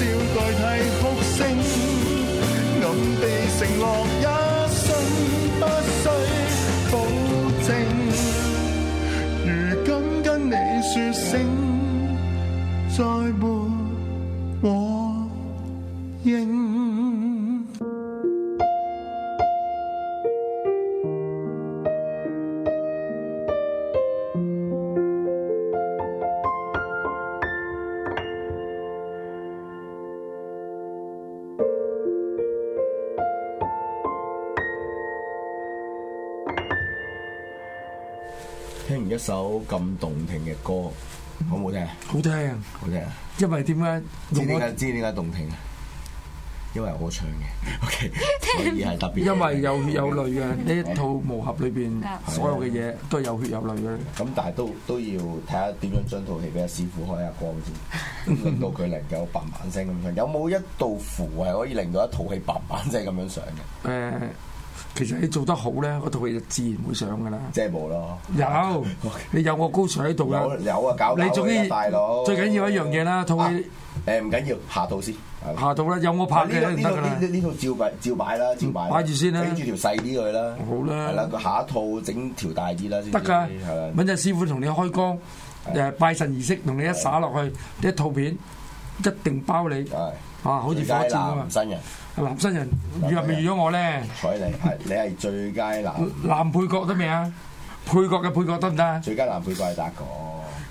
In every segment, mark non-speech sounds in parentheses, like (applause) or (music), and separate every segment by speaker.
Speaker 1: 笑代替哭聲，暗地承諾一生，不需保證。如今跟你說聲再會。
Speaker 2: 首咁動聽嘅歌，好唔好聽好聽，好聽，因為為聽。因為點解？知點解？知點解動聽啊？因為我唱嘅，o、okay, (laughs) 所以係特別。因為有
Speaker 3: 血有淚嘅呢一套幕合
Speaker 2: 裏邊，的所有嘅嘢都有血有淚嘅。咁但係都都要睇下點樣將套戲俾阿師傅開下光先，令到佢能夠嘭嘭聲咁樣。有冇一道符係可以令到一套戲嘭嘭聲咁樣上嘅？誒
Speaker 3: 的。其實你做得好咧，嗰套戲就自然會上噶啦。即係冇咯。有，你有我高 Sir 喺度噶。有啊，搞搞大咯。最緊要一樣嘢啦，套戲。誒，唔緊要，下
Speaker 2: 套先。下套啦，有我拍嘅，得啦。呢度照擺，照擺啦，照擺。擺住先啦。俾住條細啲佢啦。好啦。係啦，佢下一套整條大啲啦。得噶。揾隻師傅同你開
Speaker 3: 光，誒，拜神儀式同你一灑落去，呢套片一定包你。啊，好似火箭
Speaker 2: 咁啊。男新人遇咪遇咗我咧？彩你係你係最佳男男配角得未啊？配角嘅配角得唔得？最佳男配角係達哥。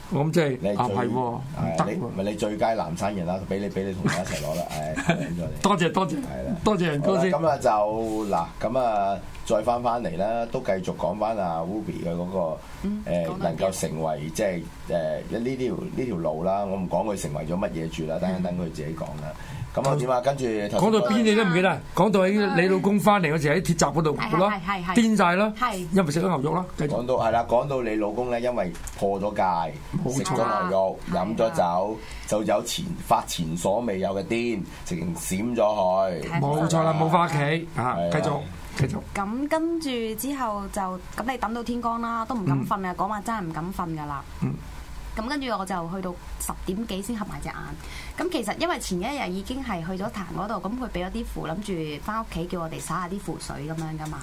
Speaker 3: 咁即
Speaker 2: 係你係喎，得喎。咪你最佳男新人啦，俾你俾你同我一齊攞啦，唉，轉咗多謝多謝，多謝多謝。咁啊就，嗱，咁啊再翻翻嚟啦，都繼續講翻阿 Ruby 嘅嗰個能夠成為即係誒呢條呢條路啦。我唔講佢成為咗乜嘢住啦，等陣等佢自己講啦。咁啊，點啊？跟住講到邊你都唔記得，講到你老公翻嚟嗰時喺鐵閘嗰度，咯癲曬咯，因為食咗牛肉咯。講到係啦，講到你老公咧，因為破咗戒，食咗牛肉，飲咗酒，就有前發前所未有嘅癲，直情閃咗佢。冇錯啦，冇翻屋企啊！繼續，繼續。
Speaker 4: 咁跟住之後就咁，你等到天光啦，都唔敢瞓啊！嗰晚真係唔敢瞓噶啦。嗯。咁跟住我就去到十點幾先合埋隻眼。咁其實因為前一日已經係去咗潭嗰度，咁佢俾咗啲符，諗住翻屋企叫我哋灑下啲符水咁樣噶嘛。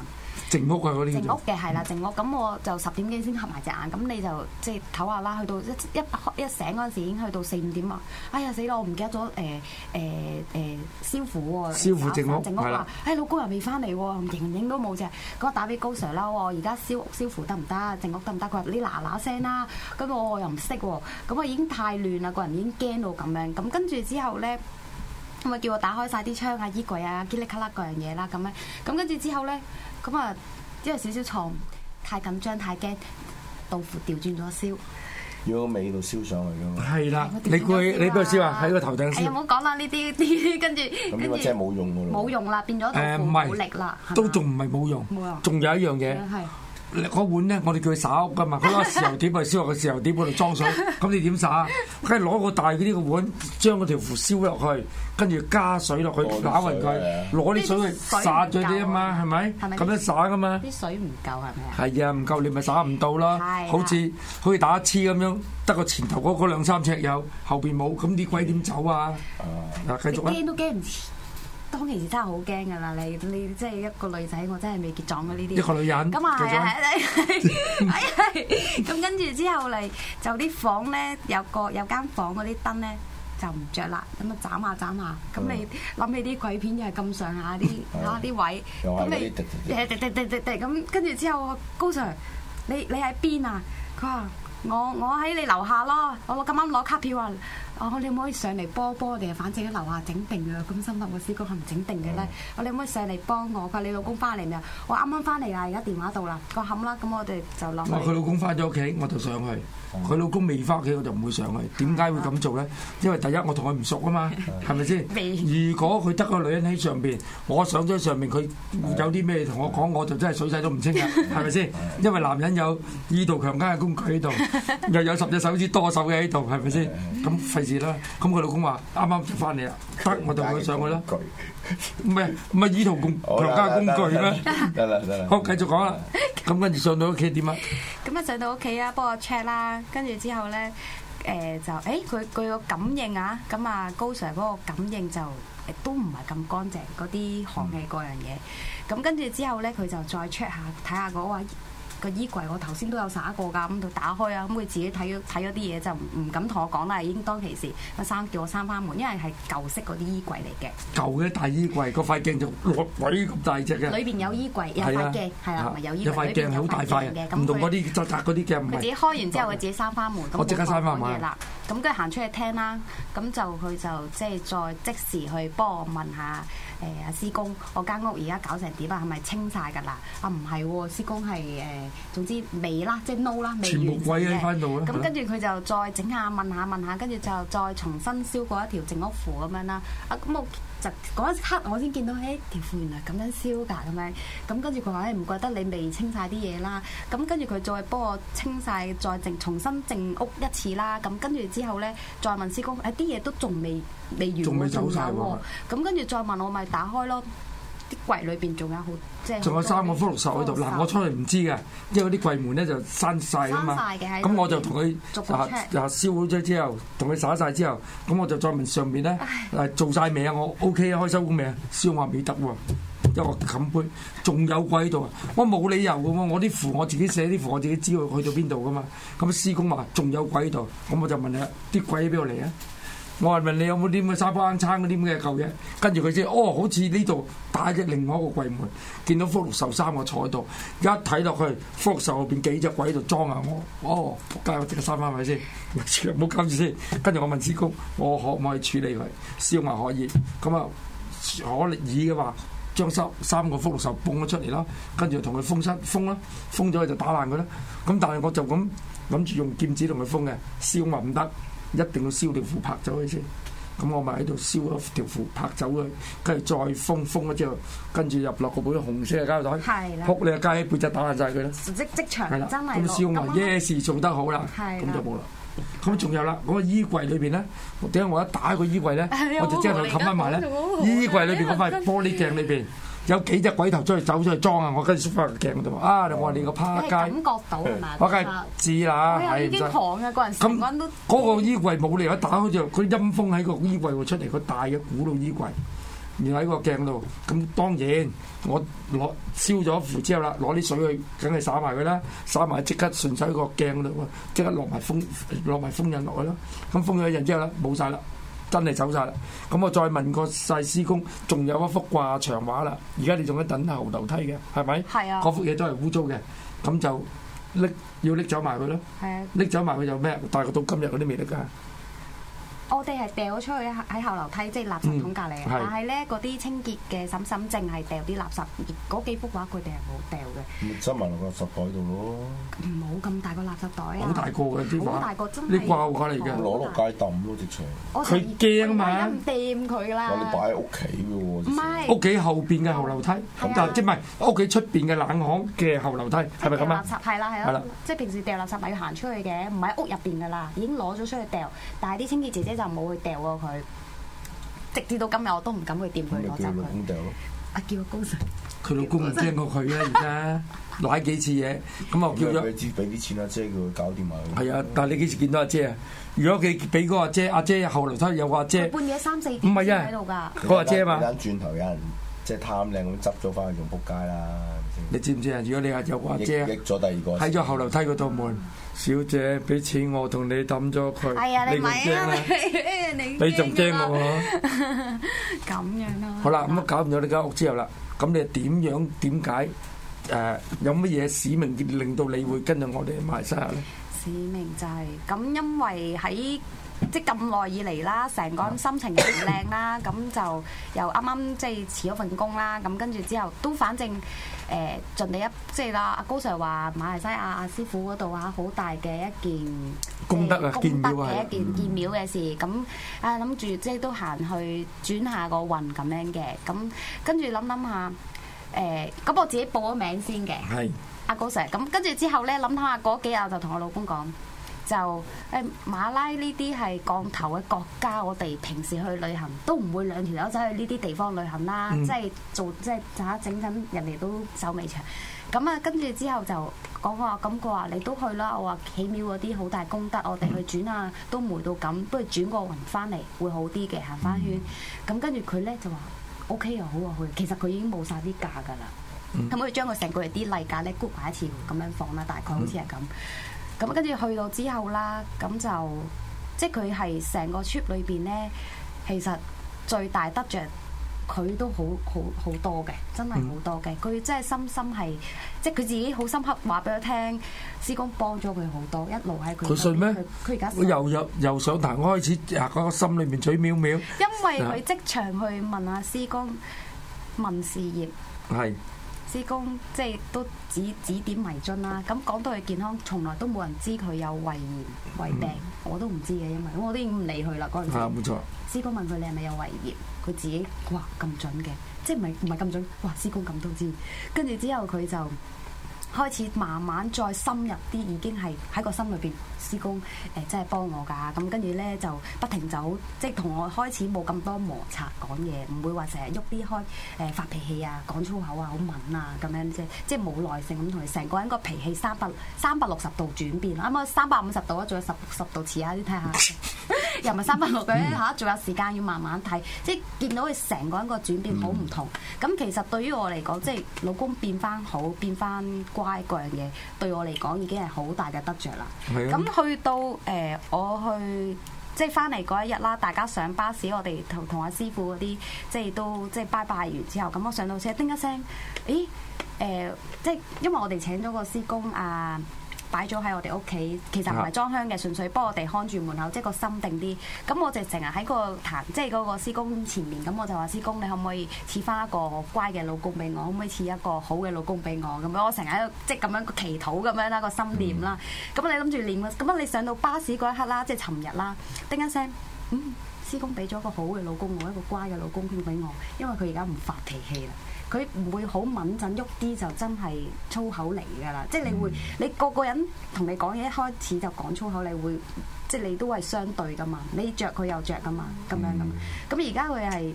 Speaker 3: 靜屋啊，嗰啲。靜屋
Speaker 4: 嘅係啦，靜屋。咁我就十點幾先合埋隻眼。咁你就即係唞下啦。去到一一一醒嗰陣時，已經去到四五點啦。哎呀死啦！我唔記得咗誒誒誒燒符喎。燒符靜屋。靜屋話：誒老公又未翻嚟喎，盈盈都冇隻。咁我打俾高 sir 啦。我而家燒燒符得唔得？靜屋得唔得？佢話：你嗱嗱聲啦。咁我我又唔識喎。咁我已經太亂啦，個人已經驚到咁樣。咁跟。跟住之後咧，佢咪叫我打開晒啲窗啊、衣櫃啊、吉力咔啦各樣嘢啦，咁咧，咁跟住之後咧，咁啊，因為少少錯誤太緊張、太驚，豆腐調轉咗燒，
Speaker 3: 要個尾度燒上去噶嘛，係啦了、啊，你攰，你不要笑啊，喺個頭頂燒，唔
Speaker 4: 好講啦，呢啲啲跟住，咁呢個真係
Speaker 3: 冇用噶冇
Speaker 4: 用啦。變咗、呃、都冇力啦，都
Speaker 3: 仲唔係冇用，冇仲嗎有一樣嘢。嗰碗咧，我哋叫佢灑噶嘛，佢攞豉油碟去燒個豉油碟喺度裝水，咁你點灑？梗係攞個大啲嘅碗，將嗰條符燒落去，跟住加水落去攪勻佢，攞啲水去水灑咗啲啊嘛，係咪？咁樣灑噶嘛。啲
Speaker 4: 水
Speaker 3: 唔夠係咪啊？係啊，唔夠你咪灑唔到啦。好似好似打一黐咁樣，得個前頭嗰兩三尺有，後邊冇，咁啲鬼點走啊？嗱，繼續
Speaker 4: 啦。當其時真係好驚噶啦，你你即係一個女仔，我真係未結妝嘅呢啲，一個女人，麼結咗棄。咁跟住之後嚟，就啲房咧有個有間房嗰啲燈咧就唔着啦，咁啊斬下斬下，咁、嗯、你諗起啲鬼片又係咁上下啲嚇啲位，咁、嗯、你滴滴滴滴滴咁，跟住 (laughs) 之後高 Sir，你你喺邊啊？佢話我我喺你樓下咯，我我咁啱攞卡票啊！哦，你可唔可以上嚟幫幫我哋啊！反正喺樓下整定嘅，咁心諗個師公係唔整定嘅咧。我你可唔可以上嚟幫我。佢話你老公翻嚟未啊？我啱啱翻嚟啦，而家電話到啦。個冚啦，咁我哋就諗。佢老
Speaker 3: 公翻咗屋企，我就上去。佢老公未翻屋企，我就唔會上去。點解會咁做咧？因為第一我同佢唔熟啊嘛，係咪先？未。如果佢得個女人喺上邊，我上咗上邊，佢有啲咩同我講，我就真係水洗都唔清啦，係咪先？因為男人有意圖強姦嘅工具喺度，又有十隻手指多手嘅喺度，係咪先？咁。啦，咁佢老公話啱啱翻嚟啦，得我同佢上去啦，唔係唔係意圖公家工具啦，得啦得啦，好繼續講啦，咁 (music) (music) 跟住上到屋企點啊？
Speaker 4: 咁啊 (music) 上到屋企啊，幫我 check 啦，跟住之後咧，誒就誒佢佢個感應啊，咁啊高 Sir 嗰個感應就誒都唔係咁乾淨，嗰啲寒氣嗰樣嘢，咁跟住之後咧，佢就再 check 下睇下嗰個。看看那個。個衣櫃我頭先都有耍過㗎，咁佢打開啊，咁佢自己睇咗睇咗啲嘢就唔敢同我講啦，已經當其時，生叫我閂翻門，因為係舊式嗰啲衣櫃嚟嘅。
Speaker 3: 舊嘅大衣櫃，個塊鏡就落鬼咁大隻嘅。裏、呃、
Speaker 4: 邊有衣櫃，有塊鏡，係啦、啊，啊、有衣櫃。有塊鏡係好大塊，唔他同嗰啲
Speaker 3: 窄窄嗰啲鏡。佢自己
Speaker 4: 開完之後，佢自己閂翻門。我即刻閂翻門。咁跟住行出去聽啦，咁就佢就即係再即，即時去幫我問下誒阿師公，我間屋而家搞成點啊？係咪清晒㗎啦？啊唔係喎，師公係誒，總之未啦，即係 no 啦，未完先嘅。咁跟住佢就再整下問下問下，跟住就再重新燒過一條淨屋符咁樣啦。啊咁、嗯、我。嗰一刻我先見到，哎條褲原來咁樣燒㗎，咁樣。咁跟住佢話咧，唔覺得你未清晒啲嘢啦，咁跟住佢再幫我清晒，再淨重新淨屋一次啦，咁跟住之後咧再問師公，哎啲嘢都仲未未完㗎喎，仲未走晒，咁跟住再問我咪打開咯。啲櫃裏邊仲有好，即係仲有
Speaker 3: 三個福祿壽喺度。嗱、啊，我出去唔知嘅，因為啲櫃門咧就閂晒啊嘛。咁我就同佢話燒好咗之後，同佢耍晒之後，咁我就再問上邊咧唉、啊，做晒未啊？我 O、OK、K 啊，開收工未啊？燒話未得喎，因為我冚杯，仲有鬼喺度啊！我冇理由嘅喎，我啲符我自己寫，啲符我自己知道去到邊度嘅嘛。咁師公話仲有鬼喺度，咁我就問你，啲鬼喺邊度嚟啊？我係問你有冇啲咁嘅沙包鏗鏗嗰啲咁嘅舊嘢，跟住佢先哦，好似呢度打只另外一個櫃門，見到福祿壽三個坐喺度，一睇落去福祿壽後邊幾隻鬼喺度裝啊！我哦，仆街，我即刻閂翻咪先，全部搞住先。跟住我問師公，我可唔可以處理佢？師公話可以，咁啊可以嘅話，將三三個福祿壽蹦咗出嚟咯。跟住同佢封出封啦，封咗佢就打爛佢啦。咁但係我就咁諗住用劍指同佢封嘅，師公話唔得。一定要燒條褲拍走佢先，咁我咪喺度燒一條褲拍走佢，跟住再封封咗之後，跟住入落個杯紅色嘅膠袋，的撲你個街，背脊打爛晒佢啦。即即場的真係咁燒埋完，耶士樣、yes, 做得好啦，咁的就冇啦。咁仲有啦，嗰、那個衣櫃裏邊咧，點解我一打開個衣櫃咧，哎、呀我就將佢冚翻埋咧？好衣櫃裏邊嗰塊玻璃鏡裏邊。有幾隻鬼頭出去走，出去裝啊！我跟住縮翻個鏡度啊！我話你個趴街，
Speaker 4: 我梗係
Speaker 3: 知啦，係真
Speaker 4: 係。
Speaker 3: 咁嗰個衣櫃冇理由，一打開就佢陰風喺個衣櫃會出嚟，個大嘅古老衣櫃，然後喺個鏡度。咁當然我攞燒咗符之後啦，攞啲水去，梗係灑埋佢啦，灑埋即刻順手喺個鏡度，即刻落埋封，落埋封印落去咯。咁封咗印之後啦，冇晒啦。真係走晒啦！咁我再問個細師公，仲有一幅掛牆畫啦，而家你仲喺等後樓梯嘅，係咪？係啊。嗰幅嘢都係污糟嘅，咁就拎要拎走埋佢咯。係啊。拎走埋佢就咩？大概到今日嗰啲未得㗎。
Speaker 4: 我哋係掉咗出去喺後樓梯，即係垃圾桶隔離。但係咧，嗰啲清潔嘅嬸嬸淨係掉啲垃圾，嗰幾幅畫佢哋係冇
Speaker 2: 掉嘅。收埋落垃圾袋度咯。唔
Speaker 4: 好咁大個垃圾袋，好大個嘅啲畫，好大個真係。你掛
Speaker 2: 過嚟嘅，攞落街抌咯，直情。佢
Speaker 4: 驚啊嘛！唔掂佢噶啦。有你擺
Speaker 3: 喺屋企嘅喎。唔係屋企後邊嘅後樓梯。咁就即唔係屋企出邊嘅冷巷嘅後樓梯，係咪咁啊？垃
Speaker 4: 圾係啦係咯，即係平時掉垃圾咪要行出去嘅，唔喺屋入邊噶啦，已經攞咗出去掉。但係啲清潔姐姐，就冇去掉過佢，直至到今日我都唔敢去掂。佢我侄女。叫，Sir，叫老公掉，阿叫阿高 Sir。
Speaker 3: 佢老公驚過佢啊，而家賴幾次嘢，咁我叫咗。俾啲錢阿、啊、姐佢搞掂埋。係啊，但係你幾時見到阿、啊、姐啊？如果佢俾嗰個阿姐，阿、啊、姐後來都有個、啊、阿姐半
Speaker 4: 夜三四點喺度啊，佢阿姐啊嘛。突然
Speaker 2: 轉頭有人。即係貪靚咁執咗翻去仲撲街啦！你知唔知啊？如果你係有話益咗第二個喺咗
Speaker 3: 後樓梯嗰度門，嗯、小姐俾錢我同你抌咗佢。係啊，你唔
Speaker 1: 驚你仲驚我？
Speaker 4: 咁樣啦。好
Speaker 3: 啦，咁啊、嗯、搞唔咗你間屋之後啦，咁你係點樣？點解？誒、呃，有乜嘢使命令到你會跟住我哋買西亞咧？
Speaker 4: 使命就係、是、咁，因為喺。即咁耐以嚟啦，成個人心情唔靚啦，咁就 (coughs) 又啱啱即係辭咗份工啦，咁跟住之後都反正誒盡你一，即係啦。阿高 Sir 話馬來西亞阿師傅嗰度啊，好大嘅一件
Speaker 3: 功德啊，功德嘅一件
Speaker 4: 建廟嘅事，咁、嗯、啊諗住即係都行去轉下個運咁樣嘅，咁跟住諗諗下誒，咁、欸、我自己報咗名先嘅，阿是高 Sir，咁跟住之後咧諗諗下嗰幾日就同我老公講。就誒、欸、馬拉呢啲係降頭嘅國家，我哋平時去旅行都唔會兩條友走去呢啲地方旅行啦，嗯、即係做即係陣間整緊，人哋都手尾長。咁啊，跟住之後就講我話咁，佢話你都去啦。我話起廟嗰啲好大功德，我哋去轉啊都霉到咁，不如轉個運翻嚟會好啲嘅行翻圈。咁跟住佢咧就話 O K 又好啊去。其實佢已經冇晒啲假㗎啦，可唔可以將佢成個月啲例假咧 group 埋一次咁樣放啦？大概好似係咁。嗯。咁跟住去到之後啦，咁就即係佢係成個 trip 裏邊咧，其實最大得著佢都好好好多嘅，真係好多嘅。佢真係深深係，即係佢自己好深刻話俾我聽，師公幫咗佢好多，一路喺佢。佢信咩？佢而家又
Speaker 3: 入又上台，開始啊！嗰個心裏面嘴秒秒。
Speaker 4: 因為佢即場去問阿師公問事業。係。師公，即係都指指點迷津啦，咁、啊、講到佢健康，從來都冇人知佢有胃炎胃病，我都唔知嘅，因為我都已經唔理佢啦嗰陣時。冇、啊、錯。師公問佢你係咪有胃炎？佢自己哇咁準嘅，即係唔係唔係咁準？哇！師公咁都知，跟住之後佢就。開始慢慢再深入啲，已經係喺個心裏邊施工誒，即係、呃、幫我㗎。咁跟住咧就不停走，即係同我開始冇咁多摩擦講嘢，唔會話成日喐啲開誒、呃、發脾氣啊、講粗口啊、好敏啊咁樣啫。即係冇耐性咁同佢，成個人個脾氣三百三百六十度轉變。啱啱三百五十度啊，仲有十十度遲啊，你睇下， (laughs) (laughs) 又咪三百六十度？嚇，仲有時間要慢慢睇。即係見到佢成個人個轉變好唔同。咁、嗯、其實對於我嚟講，即係老公變翻好，變翻。乖嗰樣嘢對我嚟講已經係好大嘅得着啦。咁係啊。去到誒、呃，我去即係翻嚟嗰一日啦，大家上巴士，我哋同同阿師傅嗰啲即係都即係拜拜完之後，咁我上到車叮一聲，咦誒、呃，即係因為我哋請咗個師公啊。擺咗喺我哋屋企，其實唔係裝香嘅，純粹幫我哋看住門口，即係個心定啲。咁我就成日喺個壇，即係嗰個師公前面。咁我就話：師公，你可唔可以賜返一個乖嘅老公俾我？可唔可以賜一個好嘅老公俾我？咁樣我成日喺度，即係咁樣祈禱咁樣啦，個心念啦。咁你諗住念啊？咁你上到巴士嗰一刻啦，即係尋日啦，叮一聲，嗯，師公俾咗一個好嘅老公我，我一個乖嘅老公俾我，因為佢而家唔發脾氣啦。佢唔會好穩陣喐啲就真係粗口嚟㗎啦，即係你會，你個個人同你講嘢一開始就講粗口，你會即係你都係相對噶嘛，你着佢又着噶嘛，咁、嗯、樣咁。咁而家佢係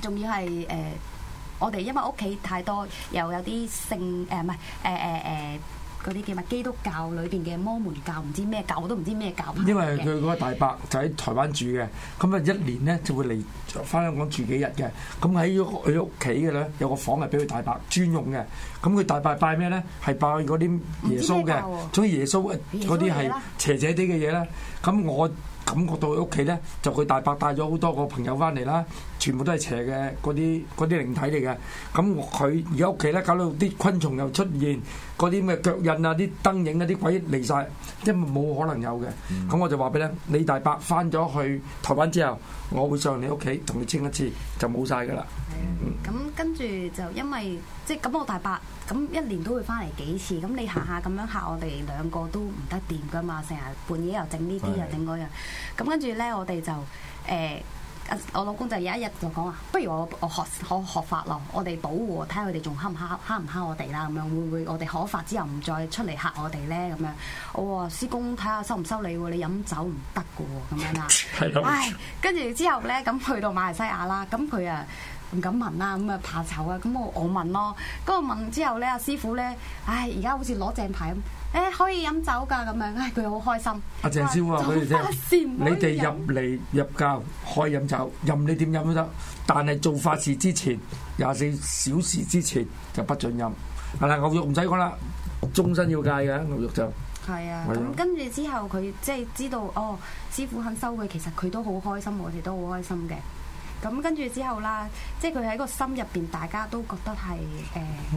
Speaker 4: 仲要係誒、呃，我哋因為屋企太多，又有啲性誒唔係誒誒誒。呃呃呃呃呃呃呃嗰啲叫乜基督教裏邊嘅摩門教唔知咩教都唔知咩教。因為佢嗰
Speaker 3: 個大伯就喺台灣住嘅，咁啊一年咧就會嚟返香港住幾日嘅。咁喺佢屋企嘅咧有個房係俾佢大伯專用嘅。咁佢大伯拜咩咧？係拜嗰啲耶穌嘅，總之、啊、耶穌嗰啲係邪邪啲嘅嘢啦。咁我。感覺到佢屋企咧，就佢大伯帶咗好多個朋友翻嚟啦，全部都係邪嘅嗰啲啲靈體嚟嘅。咁佢而家屋企咧搞到啲昆蟲又出現，嗰啲咩腳印啊、啲燈影啊、啲鬼嚟晒，即係冇可能有嘅。咁、嗯、我就話俾你，你大伯翻咗去台灣之後，我會上你屋企同你清一次，就冇晒噶啦。
Speaker 4: 咁跟住就因為即係咁，我大伯咁一年都會翻嚟幾次，咁你下下咁樣嚇我哋兩個都唔得掂噶嘛，成日半夜又整呢啲又整嗰樣，咁跟住咧我哋就誒，我老公就有一日就講話，不如我我學我學法咯，我哋保護睇下佢哋仲嚇唔嚇唔嚇我哋啦，咁樣會唔會我哋可法之後唔再出嚟嚇我哋咧？咁樣我話師公睇下收唔收你喎，你飲酒唔得㗎喎，咁樣啦，喂，跟住之後咧，咁去到馬來西亞啦，咁佢啊～唔敢問啦，咁啊怕醜啊，咁我、啊、我問咯。咁我問之後咧，阿師傅咧，唉而家好似攞正牌咁，誒、哎、可以飲酒噶咁樣，佢、哎、好開心。
Speaker 3: 阿鄭、啊、是師傅話佢哋聽，你哋入嚟入教可以飲酒，任你點飲都得，但係做法事之前廿四小時之前就不准飲。係啦，牛肉唔使講啦，終身要戒嘅、嗯、牛肉就。
Speaker 4: 係啊。咁跟住之後，佢即係知道，哦師傅肯收佢，其實佢都好開心，我哋都好開心嘅。咁跟住之後啦，即係佢喺個心入邊，大家都覺得係誒、呃啊。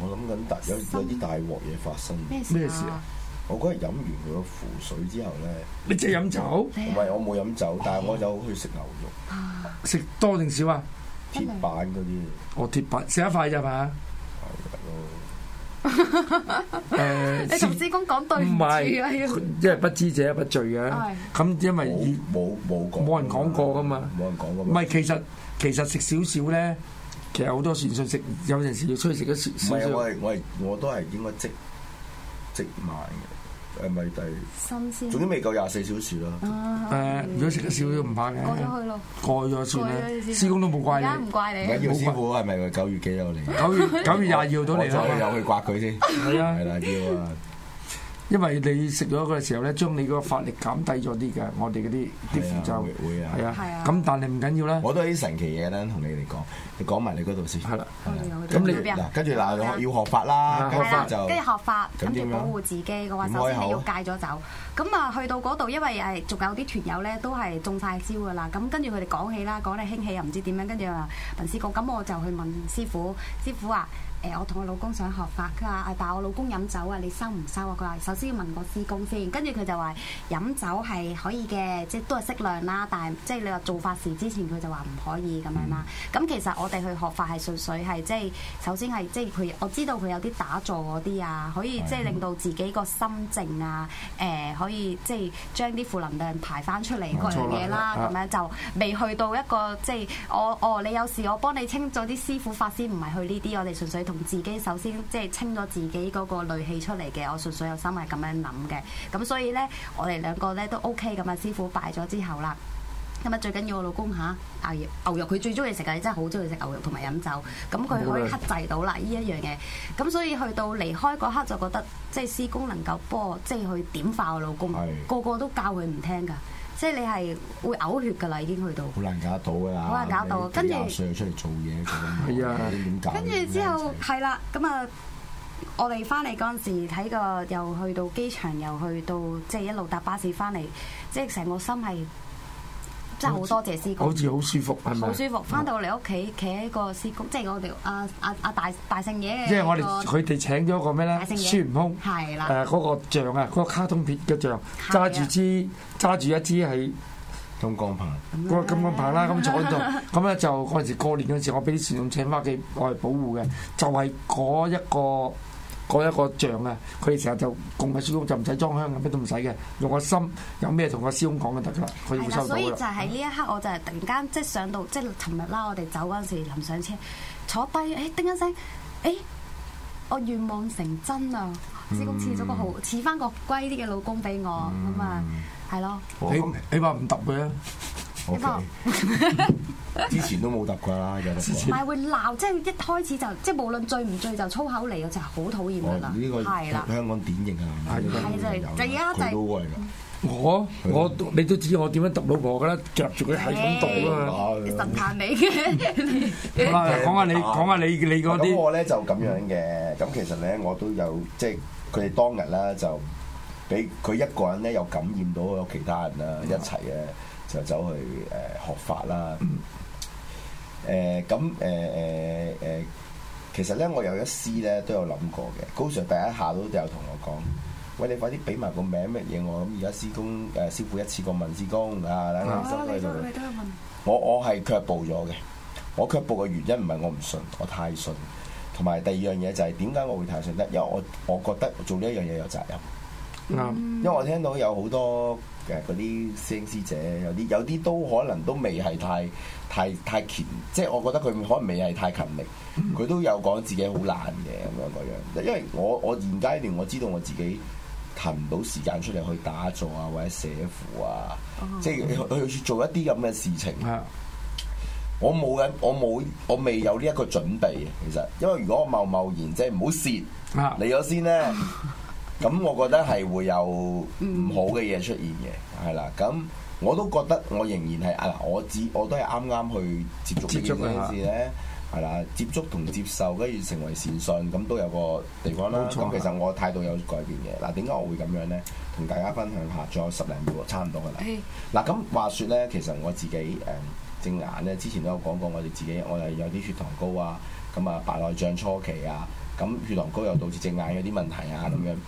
Speaker 2: 我諗緊大有有啲大鑊嘢發生。咩事啊？咩事啊，我嗰日飲完佢個符水之後咧，你淨係飲酒？唔係麼，我冇飲酒，但係我有去食牛肉。食、啊、多
Speaker 3: 定少啊？
Speaker 1: 鐵板
Speaker 3: 嗰啲。我鐵板食一塊咋嘛？係 (laughs) 你同
Speaker 4: 師公講對唔住啊！要，
Speaker 3: 因為不知者不罪啊。咁、oh, is. 因為冇冇冇講，冇人講過噶嘛，冇人講過。唔係，其實其實食少少咧，其實好多時上食，有陣時要出去食啲少少。唔係，我係
Speaker 2: 我係我都係應該積積買嘅。係咪
Speaker 1: 第，總之未
Speaker 2: 夠廿四小時啦。誒，如果食得少都唔怕嘅。
Speaker 1: 過
Speaker 2: 咗去咯。過咗算啦。施工都冇怪你。而家唔怪你啊。唔緊要，師傅係咪九月幾我嚟？九月九月廿要
Speaker 3: 到你啦。又去
Speaker 2: 刮佢先。係
Speaker 3: 啊。係啦，要啊。因為你食咗嗰時候咧，將你個法
Speaker 2: 力減低咗啲嘅，我哋嗰啲啲符咒，係啊，會啊，係啊，咁但係唔緊要啦。我都有啲神奇嘢啦，同你哋講，你講埋你嗰度先。係啦，咁你嗱，跟住嗱，要學法啦，跟住就跟住
Speaker 4: 學法，咁點樣保護自己嘅話，首先你要戒咗酒。咁啊，去到嗰度，因為誒，仲有啲團友咧都係中晒招嘅啦。咁跟住佢哋講起啦，講嚟興起又唔知點樣，跟住話文師公，咁我就去問師傅，師傅啊。誒，我同我老公想學法，佢話，但我老公飲酒啊，你收唔收啊？佢話：首先要問個師公先，跟住佢就話飲酒係可以嘅，即係都係適量啦。但係即係你話做法事之前，佢就話唔可以咁、嗯、樣啦。咁其實我哋去學法係純粹係即係首先係即係佢，我知道佢有啲打坐嗰啲啊，可以即係、嗯、令到自己個心靜啊，誒、呃，可以即係將啲負能量排翻出嚟嗰錯樣嘢啦。咁樣、啊、就未去到一個即係我哦，你有時我幫你清咗啲師傅法師唔係去呢啲，我哋純粹自己首先即係清咗自己嗰個戾氣出嚟嘅，我純粹有心係咁樣諗嘅，咁所以呢，我哋兩個呢都 OK 咁啊！師傅拜咗之後啦，咁啊最緊要我老公吓牛，牛肉佢最中意食噶，真係好中意食牛肉同埋飲酒，咁佢可以克制到啦呢一樣嘢，咁所以去到離開嗰刻就覺得，即係師公能夠幫我即係去點化我老公，是個個都教佢唔聽噶。即係你係會嘔血㗎啦，已經去到
Speaker 2: 好難搞得到㗎啦，好難搞到。跟住後，你出嚟做嘢㗎，係啊後，你點搞？跟住之後
Speaker 4: 係啦，咁啊， (laughs) 我哋翻嚟嗰陣時睇過又去到機場，又去到即係、就是、一路搭巴士翻嚟，即係成個心係。真係好多謝師公，好
Speaker 3: 似好舒服係咪？好舒服，
Speaker 4: 翻到嚟屋企企喺個師公，即係我哋阿阿阿大大聖爺嘅、嗰個。即係我哋佢
Speaker 3: 哋請咗個咩咧？聖孫悟空係啦，誒嗰個像啊，嗰、嗰個嗰個卡通片嘅像，揸住支揸住一支係金剛棒，嗰個金剛棒啦，咁坐喺度，咁咧 (laughs) 就嗰陣時過年嗰陣時，我俾啲善眾請翻佢，我係保護嘅，就係、係、嗰一個。嗰一個像啊，佢哋成日就供個師公，就唔使裝香，乜都唔使嘅，用個心有咩同個師公講就得㗎啦，佢接收到啦。係啊，所以
Speaker 4: 就喺呢一刻我就係突然間即係、就是、上到即係尋日啦，就是、我哋走嗰陣時臨上車坐低，誒、欸、叮一聲，誒、欸、我願望成真啊！師公賜咗個好賜翻個乖啲嘅老公俾我咁啊，係咯。
Speaker 3: 起起碼唔揼佢啊！
Speaker 4: Okay. (laughs) 之前都
Speaker 2: 冇揼噶啦，其實，但係
Speaker 4: 會鬧，即係一開始就即係無論醉唔醉，就粗口嚟，我就係好討厭噶啦，係啦，
Speaker 2: 香港典型噶、啊、啦，係、啊、就係就而家就老
Speaker 3: 過我我，我你都知我點樣揼到我噶啦，夾住佢係咁揼啊、欸、
Speaker 1: 神探彈嘅。 (laughs) (laughs) 好講下你
Speaker 2: 講下你你嗰啲。咁我咧就咁樣嘅，咁其實咧我都有即係佢哋當日啦，就俾佢一個人咧有感染到有其他人啦，一齊嘅。就走去誒、呃、學法啦。誒咁誒誒誒，其實咧我有一師咧都有諗過嘅。高 Sir 第一下都有同我講：喂，你快啲俾埋個名乜嘢我咁。而家施工誒師傅一次過問施工啊，等、哦、我我我係卻步咗嘅。我卻步嘅原因唔係我唔信，我太信。同埋第二樣嘢就係點解我會太信得？因為我我覺得做呢一樣嘢有責任。嗯、
Speaker 3: 因為
Speaker 2: 我聽到有好多。嗰啲師兄師姐有啲有啲都可能都未係太太太勤，即係我覺得佢可能未係太勤力。佢都有講自己好懶嘅咁樣嗰樣，因為我我現階段我知道我自己騰唔到時間出嚟去打坐啊，或者寫符啊，即係去做一啲咁嘅事情。我冇嘅，我冇，我未有呢一個準備。其實，因為如果我貿貿然，即係唔好蝕嚟咗先呢。 (laughs) 咁我覺得係會有唔好嘅嘢出現嘅，係啦、嗯。咁我都覺得我仍然係啊，我只我都係啱啱去接觸呢件事咧，係啦，接觸同接受跟住成為善信，咁都有個地方啦。咁錯其實我態度有改變嘅。嗱，點解我會咁樣咧？同大家分享下，再有十零秒差唔多噶啦。嗱是，咁話說咧，其實我自己誒隻、呃、眼咧，之前都有講過我，我哋自己我又有啲血糖高啊，咁啊白內障初期啊，咁血糖高又導致隻眼有啲問題啊咁樣。嗯。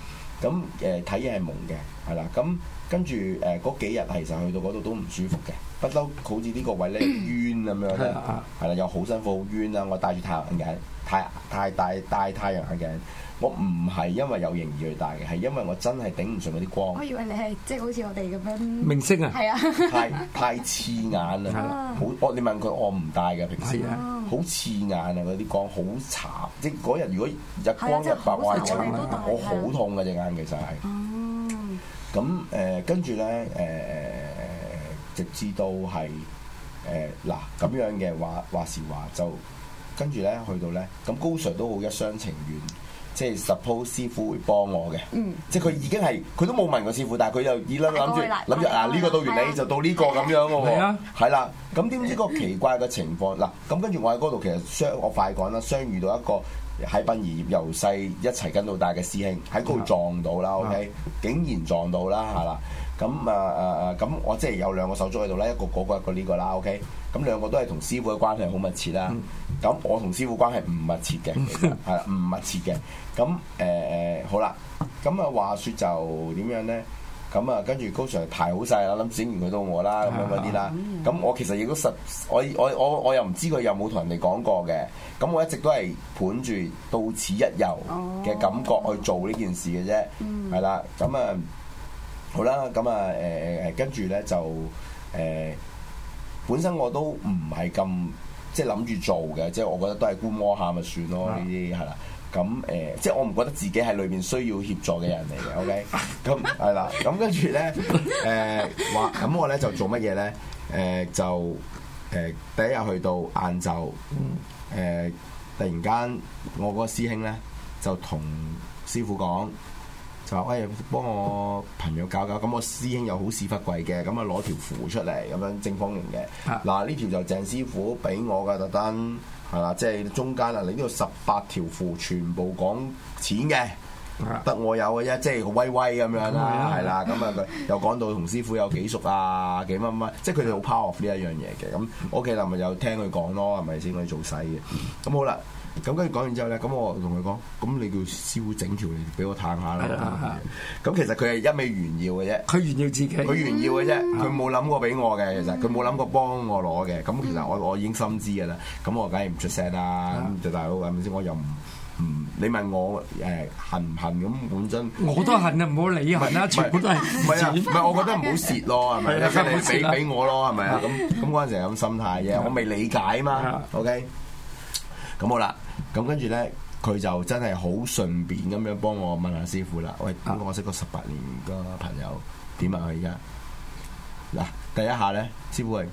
Speaker 2: 咁誒睇嘢係蒙嘅，係啦。咁跟住誒嗰幾日其實去到嗰度都唔舒服嘅，不嬲好似呢個位咧 (coughs) 冤咁樣啦，係啦 (coughs) 又好辛苦好冤呀。我戴住太陽眼鏡，太太戴戴太，太，太陽眼鏡。我唔係因為有型而去戴嘅，係因為我真係頂唔順嗰啲光。我
Speaker 4: 以為你係即係好似我哋咁
Speaker 1: 樣明星啊，係是啊， (laughs) 太
Speaker 2: 太刺眼啦！啊、好，我你問佢，我唔戴嘅平時，啊、好刺眼啊！嗰啲光好慘，即係嗰日如果日光一、啊、白外慘，啊、我好痛嘅隻眼其實係。哦、嗯，咁誒，跟住咧誒誒直至到係誒嗱咁樣嘅話話時話,時話就跟住咧去到咧，咁高 Sir 都好一廂情願。即係 suppose 師傅會幫我嘅，即係佢已經係佢都冇問過師傅，但係佢又已經諗住諗住啊！呢個到完你就到呢個咁樣嘅喎，係啦。咁點知個奇怪嘅情況嗱？咁跟住我喺嗰度其實相我快趕啦，相遇到一個喺殯儀業由細一齊跟到大嘅師兄喺嗰度撞到啦，OK，竟然撞到啦，係啦。咁啊啊啊，咁我即係有兩個手足喺度啦，一個嗰個一個呢個啦，OK，咁兩個都係同師傅嘅關係好密切啦。咁我同師傅關係唔密切嘅，其實係唔 (laughs) 密切嘅。咁誒誒好啦，咁啊話説就點樣咧？咁啊跟住高 Sir，就排好晒啦，諗整完佢到我啦，咁 (music) 樣嗰啲啦。咁 (music) 我其實亦都實，我我我我又唔知佢有冇同人哋講過嘅。咁我一直都係本住到此一遊嘅感覺去做呢件事嘅啫，係啦。咁 (noise) 啊樂好啦，咁啊誒誒跟住咧就誒、呃，本身我都唔係咁。即係諗住做嘅，即係我覺得都係觀摩下咪算咯，呢啲係啦。咁誒、呃，即係我唔覺得自己係裏面需要協助嘅人嚟嘅 (laughs) ，OK？咁係啦。咁跟住咧，誒話，咁、呃、我咧就做乜嘢咧？誒、呃、就誒、呃、第一日去到晏晝，誒、呃、突然間我嗰個師兄咧就同師傅講。就話誒幫我朋友搞搞，咁我師兄又好屎忽貴嘅，咁啊攞條符出嚟，咁樣正方形嘅。嗱呢條就鄭師傅俾我㗎特登，係啦、就是啊，即係中間，嗱你呢度十八條符全部講錢嘅，得我有嘅啫，即係個威威咁樣啦，係啦、嗯，咁啊佢又講到同師傅有幾熟啊，幾乜乜，即係佢哋好 power 呢一樣嘢嘅。咁我 OK 啦，咪又聽佢講咯，係咪先可以做細嘅？咁好啦。嗯咁跟住講完之後咧，咁我同佢講：咁你叫師傅整條嚟俾我嘆下啦。咁其實佢係一味炫耀嘅啫。佢炫耀自己。佢炫耀嘅啫，佢冇諗過俾我嘅，其實佢冇諗過幫我攞嘅。咁其實我我已經心知嘅啦。咁我梗係唔出聲啦。做大佬係咪先？我又唔唔，你問我誒恨唔恨？咁本身我都係恨
Speaker 3: 啊，唔好理啊啦，全部都係唔係啊？唔係我覺得唔好蝕咯，係咪啊？即係俾俾我咯，係咪啊？
Speaker 2: 咁咁嗰陣時係咁心態啫，我未理解啊嘛。OK，咁好啦。咁跟住呢，佢就真係好順便咁樣幫我問下師傅啦。喂，咁、啊、我識個十八年個朋友點啊我？佢而家嗱，第一下呢，師傅係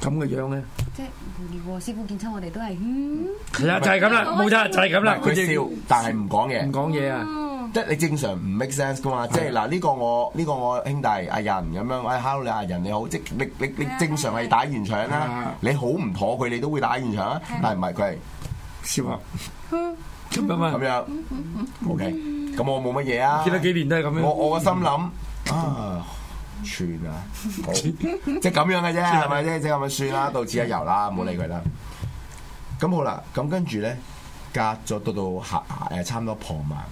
Speaker 2: 咁嘅樣
Speaker 4: 咧，即係如果師傅見親我哋都係，其實，
Speaker 2: 就係咁啦，冇錯，就係咁啦。佢笑，但係唔講嘢，唔講嘢啊，即係你正常唔 make sense 噶嘛，即係嗱呢個我呢個我兄弟阿仁咁樣，喂 hello 你阿仁你好，即係你你你正常係打完場啦，你好唔妥佢你都會打完場啦，但係唔係？佢係笑啊，咁樣，咁樣，OK，咁我冇乜嘢啊，見得幾年都係咁樣，我我個心諗啊。串啦，即係咁樣嘅啫，係咪啫？吧即係咁樣算啦， (noise) 到此一遊啦，唔好理佢啦。咁好啦，咁跟住咧，隔咗到到下誒差唔多傍晚，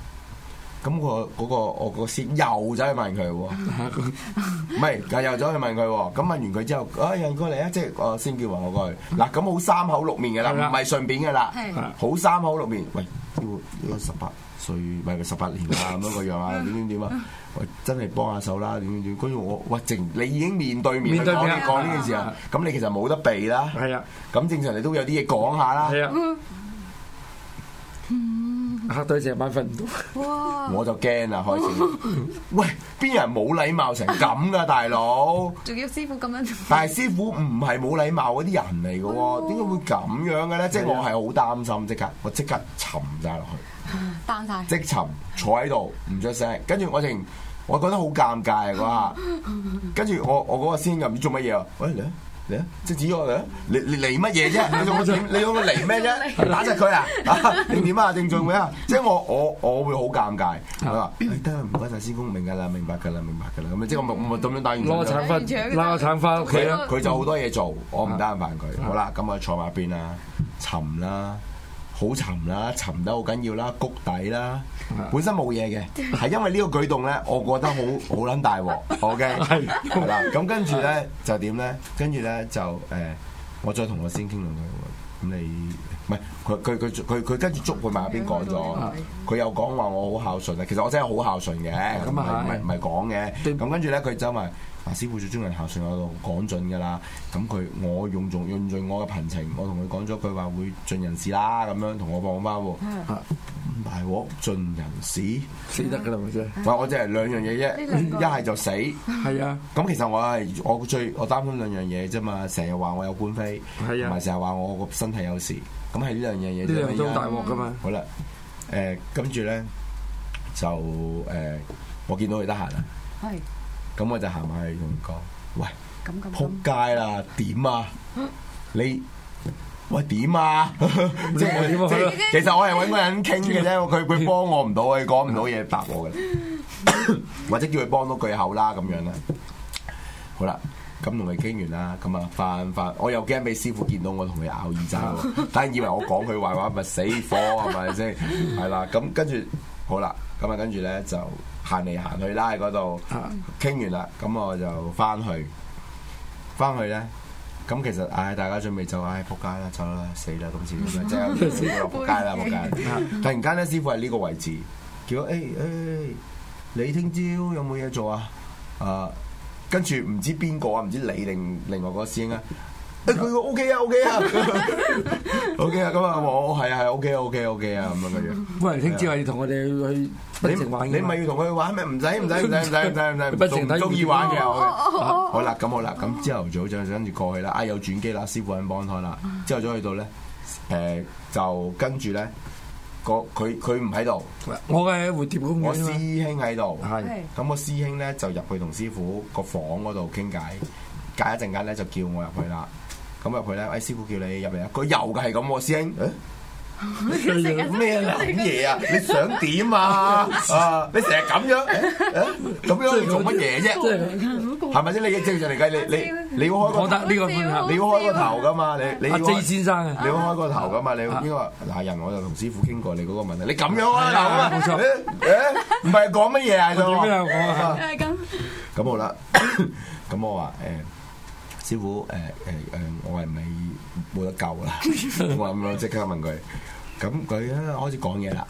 Speaker 2: 咁、那個嗰個我個先又走去問佢喎，唔係， (laughs) 又走去問佢喎。咁問完佢之後，啊、哎、人過嚟啊，即係我先叫話我過去。嗱，咁 (noise) 好三口六面嘅啦，唔係順便嘅啦，的好，了好三口六面，喂，要要十八。所以咪咪十八年啊，咁樣個樣啊，點點點啊，點點點我真係幫下手啦，點點點。跟住我喂，正你已經面對面，面對講呢件事啊，咁你、啊啊嗯、其實冇得避啦。係啊，咁正常你都有啲嘢講下啦。係啊，嗯、嚇到成晚瞓唔到。哇我就驚啦，開始。喂，邊人冇禮貌成咁噶、啊，大佬？仲要
Speaker 4: 師傅咁樣做？但係
Speaker 2: 師傅唔係冇禮貌嗰啲人嚟嘅喎，點解會咁樣嘅咧？即係我係好擔心，即刻我即刻沉晒落去。擔晒即沉坐喺度唔出聲，跟住我仲我覺得好尷尬嗰下，跟住我我嗰個先又唔知做乜嘢啊！喂，你啊你啊即止咗啦！你你嚟乜嘢啫？你用個嚟咩啫？打實佢啊！你點啊？正做咩啊？即我我我會好尷尬。佢話得唔該晒，師傅明噶啦，明白噶啦，明白噶啦。咁即我咪咪咁樣打完攞個鏟翻，攞個鏟翻屋企啦。佢就好多嘢做，我唔得閒煩佢。好啦，咁我坐埋邊啦，沉啦。好沉啦，沉得好緊要啦，谷底啦，本身冇嘢嘅，係 (laughs) 因為呢個舉動咧，我覺得好好撚大鑊。OK，係啦， (laughs) (laughs) 咁跟住咧就點咧？跟住咧就誒、欸，我再同、嗯、我先傾兩句。咁你唔係佢佢佢佢佢跟住捉佢埋一邊講咗，佢又講話我好孝順啊。其實我真係好孝順嘅，咁啊唔係唔係講嘅。咁跟住咧，佢是對 走埋。阿師傅最中意孝順我，講盡噶啦。咁佢我用盡用盡我嘅貧情，我同佢講咗句話，會盡人事啦。咁樣同我講翻，大鑊盡人事，死得噶啦，咪先。我即係兩樣嘢啫，一係就死。係啊。咁其實我係我最我擔心兩樣嘢啫嘛。成日話我有官非，唔係成日話我個身體有事。咁係呢兩樣嘢。呢兩都大鑊噶嘛。好啦。誒，跟住咧就誒，我見到你得閒啊。係。咁我就行埋去同佢講，喂，扑街啦，點啊？你喂點啊？即 (laughs) 係我點其實我係搵個人傾嘅啫，佢佢幫我唔到，佢講唔到嘢答我嘅， (laughs) (laughs) 或者叫佢幫到句口啦，咁樣啦。好啦，咁同佢傾完啦，咁啊翻翻，我又驚俾師傅見到我同佢咬耳仔， (laughs) 但係以為我講佢壞話咪死火係咪先？係 (laughs) 啦，咁跟住好啦，咁啊跟住咧就。行嚟行去啦，喺嗰度傾完啦，咁我就翻去。翻去咧，咁其實唉、哎，大家準備走啦，仆街啦，走啦，死啦，今次真係死咗仆街啦，仆街！ (laughs) 突然間咧，師傅喺呢個位置，叫誒誒，你聽朝有冇嘢做啊？啊，跟住唔知邊個啊，唔知你定另外嗰個師兄啊。誒，佢 OK 啊，OK 啊，OK 啊，okay，咁啊， (music) (music) 我係啊，係 OK 啊，OK 啊，OK 啊，咁樣嘅樣。喂，聽朝係，要同我哋去，你唔你咪要同佢玩咩？唔使唔使唔使唔使唔使唔使唔中意玩嘅，okay。 (music) 好嘅，好啦，咁好啦，咁朝頭早就跟住過去啦。啊，有轉機啦，師傅肯幫拖啦。朝頭早去到咧，誒、呃，就跟住咧個佢佢唔喺度， (music) 我嘅蝴蝶公，我師兄喺度。係。咁 (noise) 個樂師兄咧就入去同師傅個房嗰度傾偈，隔一陣間咧就叫我入去啦。咁入去咧，哎，師傅叫你入嚟啊！佢又嘅係咁喎，師兄。
Speaker 1: 你食咩諗嘢啊？
Speaker 2: 你想點啊？啊！你成日咁樣，咁樣做乜嘢啫？
Speaker 1: 係咪先？你嘅正常嚟計，你你你要開個頭，呢個你要開個頭噶嘛？你你阿先生啊，你要開個頭噶嘛？你呢
Speaker 2: 個嗱人，我就同師傅傾過你嗰個問題。你咁樣開頭啊？冇錯。誒唔係講乜嘢啊？就咁。好啦，咁我話誒。師傅誒誒誒，我係咪冇得救啦？我咁樣即刻問佢，咁佢咧開始講嘢啦，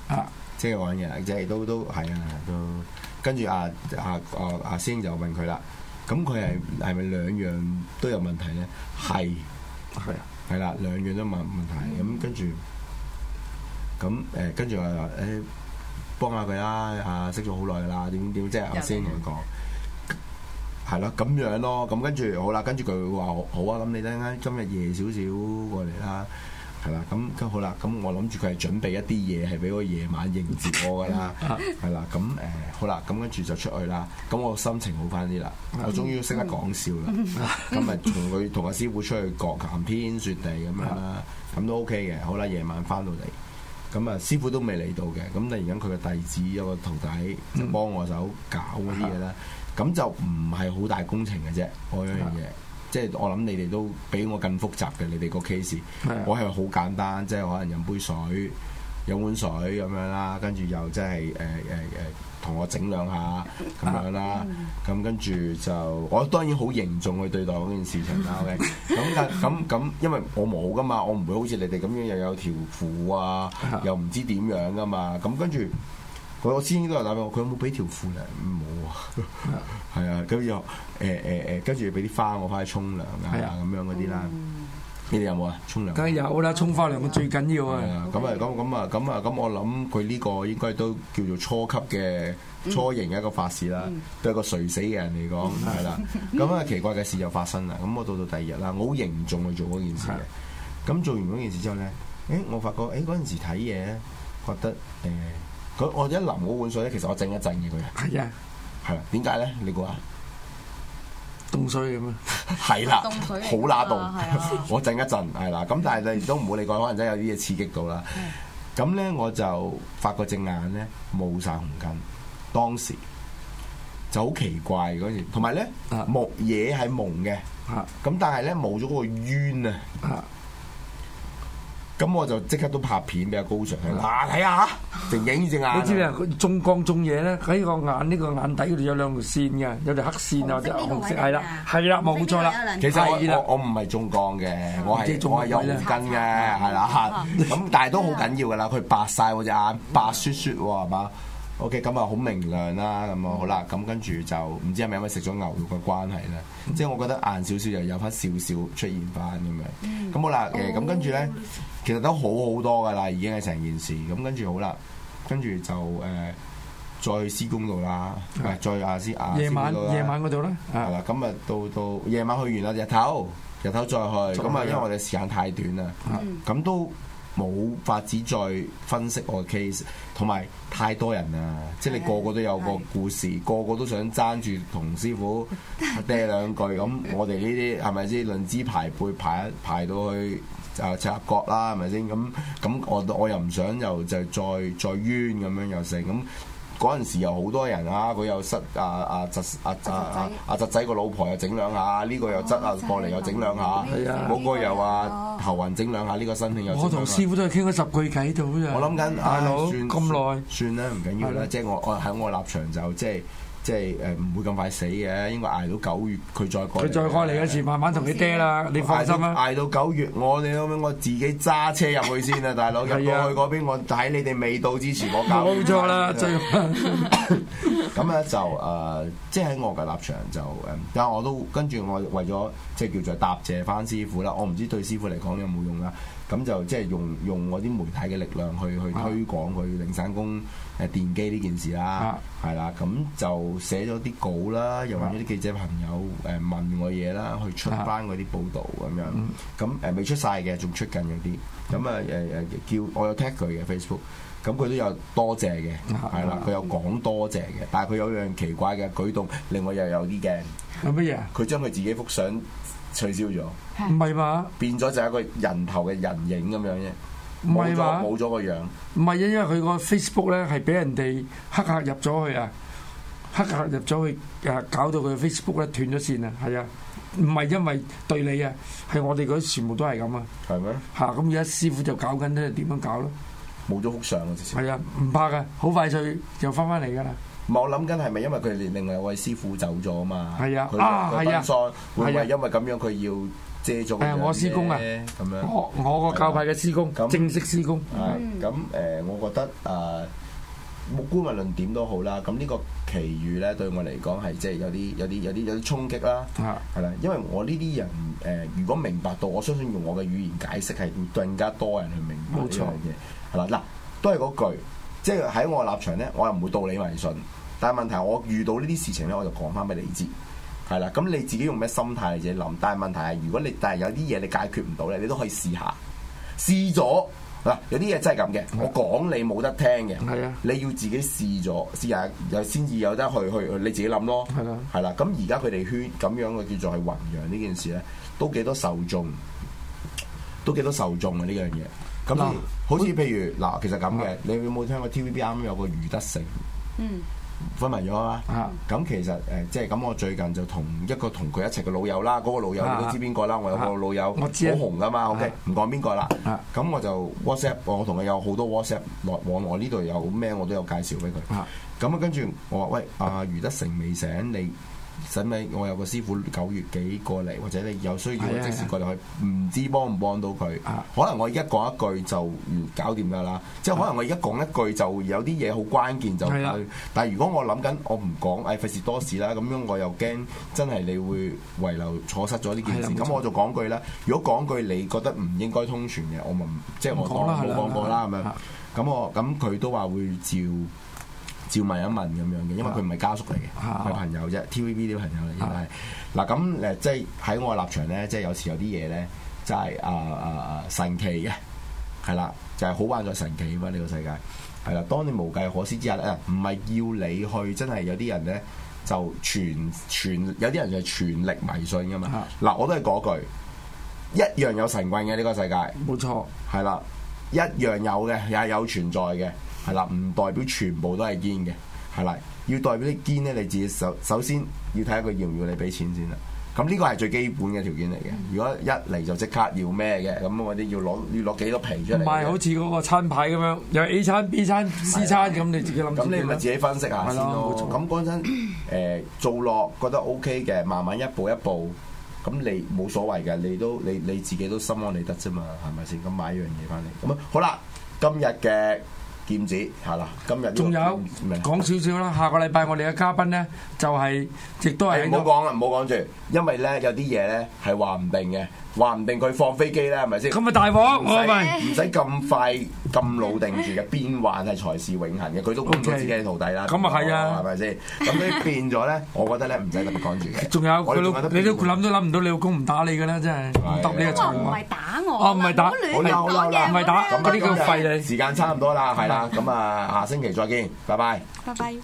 Speaker 2: 即係講嘢，即係都都係啊，都跟住阿阿阿阿師兄就問佢啦，咁佢係係咪兩樣都有問題咧？係係啊，係啦，兩樣都問問題，咁跟住咁誒，跟住話誒幫下佢啦，啊識咗好耐噶啦，點點即係阿師兄同佢講。係咯，咁樣咯，咁跟住好啦，跟住佢話好啊，咁你等陣間今日夜少少過嚟啦，係啦，咁咁好啦，咁我諗住佢係準備一啲嘢係俾我夜晚迎接我㗎啦，係 (laughs) 啦，咁誒、呃、好啦，咁跟住就出去啦，咁我心情好翻啲啦， (laughs) 我終於識得講笑啦，咁啊同佢同阿師傅出去講冰天雪地咁啦，咁 (laughs) 都 OK 嘅，好啦，夜晚翻到嚟，咁啊師傅都未嚟到嘅，咁突然間佢嘅弟子有個徒弟就幫我手搞啲嘢啦。 (laughs) 咁就唔係好大工程嘅啫是的，我一樣嘢，即係我諗你哋都比我更複雜嘅，你哋個 case，< 是的 S 1> 我係好簡單，即係可能飲杯水、飲碗水咁樣啦，跟住又即係誒誒誒同我整兩下咁樣啦，咁跟住就我當然好凝重去對待嗰件事情啦 (laughs) ，OK？咁但咁咁，因為我冇噶嘛，我唔會好似你哋咁樣又有條褲啊，是的 又唔知點樣噶嘛，咁跟住。我我先都係諗佢，佢有冇俾條褲啊？冇喎，係啊，咁又誒誒誒，跟住俾啲花我翻去沖涼啊，咁樣嗰啲啦，呢啲有冇啊？沖涼梗係有啦，沖花涼最緊要啊！咁啊，咁咁啊，咁啊，咁我諗佢呢個應該都叫做初級嘅初型嘅一個法事啦，對個垂死嘅人嚟講係啦。咁啊奇怪嘅事又發生啦。咁我到到第二日啦，我好凝重去做嗰件事嘅。咁做完嗰件事之後咧，誒我發覺誒嗰陣時睇嘢覺得誒。我一淋嗰碗水咧，其實我整一震嘅佢啊，係啊 Yeah.，係啦，點解咧？你估下，凍水咁啊，係啦 (laughs) 了，好乸冷凍，的 (laughs) 我整一震，係啦，咁但係你都唔會理佢，可能真係有啲嘢刺激到啦。咁咧 (laughs) 我就發覺隻眼咧，冇晒紅筋，當時就好奇怪嗰時，同埋咧木嘢係矇嘅，咁、uh, 但係咧冇咗嗰個瘀啊。Uh, 咁我就即刻都拍片俾阿高 sir 睇，嗱，睇下嚇，影隻眼。你知啦，
Speaker 3: 佢中光中嘢咧，喺、個眼呢、個眼底嗰度有兩條線嘅，有條黑
Speaker 2: 線啊，或者紅色。係啦的，係啦了，冇錯啦。其實我唔係的中光嘅，我係我係有筋嘅，係啦。咁但係都好緊要㗎啦，佢白晒我隻眼，白雪雪喎，係嘛？OK，咁啊好明亮啦，咁啊好啦，咁跟住就唔知係咪因為食咗牛肉嘅關係咧，即係我覺得硬少少又有翻少少出現翻咁樣，咁好啦嘅，咁跟住咧其實都好好多噶啦，已經係成件事，咁跟住好啦，跟住就誒再師公度啦，再啊先夜晚夜晚嗰度啦，係啦，咁啊到到夜晚去完啦，日頭日頭再去，咁啊因為我哋時間太短啦，咁都。冇法子再分析我嘅 case，同埋太多人啊！即係你個個都有個故事，個個都想爭住同師傅嗲兩句。咁 (laughs) 我哋呢啲係咪先？論資排輩排一排，排到去就赤鱲角啦，係咪先？咁咁我我又唔想又就再再冤咁樣又成咁。嗰陣時有好多人啊！佢又失啊啊侄啊仔啊啊侄、啊、仔個老婆又整兩下，呢、這個又執、哦、啊過嚟又整兩下，冇、啊、個又話頭暈整兩下，呢、這個身體又我同師傅都係傾咗十句偈度，呀！我諗緊，阿老咁耐算啦，唔緊要啦，即係的我我喺我立場就即係。就是即係誒唔會咁快死嘅，應該捱到九月佢再過。佢再過嚟一次，慢慢同你嗲啦，你放心啦。捱到九月，我哋諗唔諗，我自己揸車入去先啦，大佬。入過去嗰邊，我睇你哋未到之前，我交唔交啦？咁咧 (laughs) (laughs) (laughs) 就誒、呃，即係喺我嘅立場就誒，但、呃、我都跟住我為咗即係叫做答謝翻師傅啦。我唔知對師傅嚟講有冇用啦。咁就即係用用我啲媒體嘅力量去去推廣佢，靈山宮誒電機呢件事啦，係啦，咁就寫咗啲稿啦，又揾啲記者朋友誒問我嘢啦，啊、去出翻嗰啲報導咁、啊、樣，咁誒未出晒嘅仲出緊有啲，咁啊誒誒、啊、叫我有 tag 佢嘅 Facebook。咁佢都有多謝嘅，係啦，佢有講多謝嘅，但係佢有樣奇怪嘅舉動，令我又有啲驚。係乜嘢？佢將佢自己幅相取消咗，唔係嘛？變咗就係一個人頭嘅人影咁樣啫，
Speaker 3: 冇咗
Speaker 2: 冇咗個樣。唔係因為佢個 Facebook
Speaker 3: 咧係俾人哋黑客入咗去啊，黑客入咗去誒，搞到佢 Facebook 咧斷咗線啊，係啊，唔係因為對你啊，係我哋啲全部都係咁啊，係咩嗎？吓？咁而家師傅就搞緊咧，點樣搞咯？冇咗幅相啊！直接係啊，唔怕噶，好快脆就翻翻嚟噶啦。唔
Speaker 2: 係我諗緊係咪因為佢另外一位師傅走咗啊嘛？係啊，啊係啊，係咪因為咁樣佢要借助？係啊，我施工啊，咁樣我我個教派嘅施工正式施工。咁誒，我覺得誒，冇官民論點都好啦。咁呢個奇遇咧，對我嚟講係即係有啲有啲有啲有啲衝擊啦。係啦，因為我呢啲人誒，如果明白到，我相信用我嘅語言解釋係會更加多人去明白嘅。冇錯。係啦，嗱，都係嗰句，即係喺我立場咧，我又唔會道你迷信，但係問題我遇到呢啲事情咧，我就講翻俾你知，係啦，咁你自己用咩心態嚟自己諗？但係問題係，如果你但係有啲嘢你解決唔到咧，你都可以試下，試咗嗱，有啲嘢真係咁嘅，的我講你冇得聽嘅，係啊，的你要自己試咗，試下又先至有得去去你自己諗咯，係啦的，係啦的，咁而家佢哋圈咁樣嘅叫做係弘揚呢件事咧，都幾多受眾，都幾多受眾嘅呢樣嘢。咁好似譬如嗱，其實咁嘅、嗯，你有冇聽過 TVB 啱啱有個余德成？嗯，昏迷咗啊嘛。嚇，咁其實誒，即係咁，我最近就同一個同佢一齊嘅老友啦，嗰、嗰個老友你都知邊個啦。我有個老友我知，好紅噶嘛，OK，唔講邊個啦。嚇、嗯，咁我就 WhatsApp，我同佢有好多 WhatsApp 來往，往，我呢度有咩我都有介紹俾佢。嚇、嗯，咁啊跟住我話喂，阿、呃、余德成未醒你？使咪我有個師傅九月幾過嚟，或者你有需要，我即時過嚟去，唔知幫唔幫到佢。可能我而家講一句就唔搞掂㗎啦，是的 即係可能我而家講一句就有啲嘢好關鍵就是的 但係如果我諗緊我唔講，誒、哎、費事多事啦，咁樣我又驚真係你會遺留錯失咗呢件事。咁我就講句啦，如果講句你覺得唔應該通傳嘅，我咪即係我當冇講過啦咁樣。咁我咁佢都話會照。照問一問咁樣嘅，因為佢唔係家屬嚟嘅，係 (music) 朋友啫。TVB 啲朋友嚟嘅係。嗱咁誒，即係喺我嘅立場咧，即係有時有啲嘢咧，就係啊啊神奇嘅，係啦，就係好玩在神奇啊嘛！呢個世界係啦，當你無計可施之下咧，唔、啊、係要你去，真係有啲人咧就全全有啲人就全力迷信㗎嘛。嗱、 (music) 啊，我都係嗰句，一樣有神棍嘅呢個世界，冇錯，係 (noise) 啦，一樣有嘅，又係有存在嘅。係啦，唔代表全部都係堅嘅係啦。要代表啲堅咧，你自己首首先要睇下佢要唔要你俾錢先啦。咁呢個係最基本嘅條件嚟嘅。如果一嚟就即刻要咩嘅咁，我哋要攞要攞幾多皮出嚟？唔係好似
Speaker 3: 嗰個餐牌咁樣，有 A 餐、B 餐、C 餐咁，的你自己諗先。咁你咪自己分析下先咯、哦。咁
Speaker 2: 講真，誒、 (coughs) 呃、做落覺得 O K 嘅，慢慢一步一步咁，你冇所謂嘅，你都你你，你自己都心安理得啫嘛，係咪先？咁買一樣嘢翻嚟咁啊，好啦，今日嘅。劍指係啦，今日仲、這個、有講麼少少啦。下個禮拜我哋嘅嘉賓咧，就係、是、亦都係唔好講啦，唔好講住，因為咧有啲嘢咧係話唔定嘅。話唔定佢放飛機啦，係咪先？咁咪大鑊！唔使唔使咁快咁老定住嘅，變幻係才是永恒嘅。佢都估唔到自己嘅徒弟啦。咁啊係啊，係咪先？咁你變咗咧？我覺得咧唔使咁講住。
Speaker 3: 仲有，我老，你都諗都諗唔到你老公唔打你噶啦，真係唔揼你嘅槽。唔係
Speaker 1: 打我，哦唔係打，好嬲好嬲啦，唔係打，嗰啲
Speaker 2: 叫廢你。時間差唔多啦，係啦，咁啊下星期再見，拜拜，
Speaker 4: 拜拜。